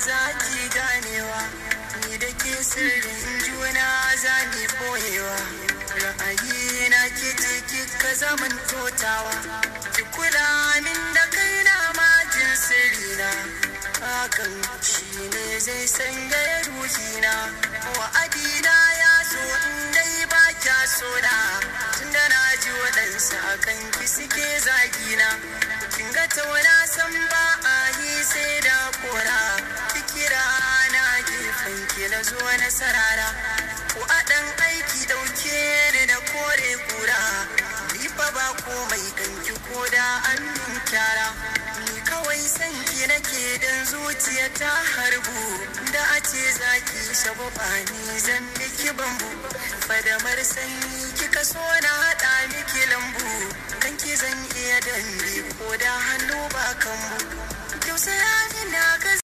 za ki ganewa ni da ke sirrin juna za ki boyewa ra'ayi na ki ki ka zaman totawa ki kula min da kaina ma jin sirrina hakan shi ne zai sanya ruhina na ya so in dai ba kya so na tunda na ji waɗansa akan ki suke zagina kin ga ta zo na sarara ku adan aiki dauke ni da kore kura ni fa ba komai ganki ko da an kyara ni kawai sanki nake dan zuciya ta harbu da a ce zaki shabu ni zan miki bambu fadamar sanyi kika so na hada miki lambu kanki zan iya dambe ko da hannu ba kanmu.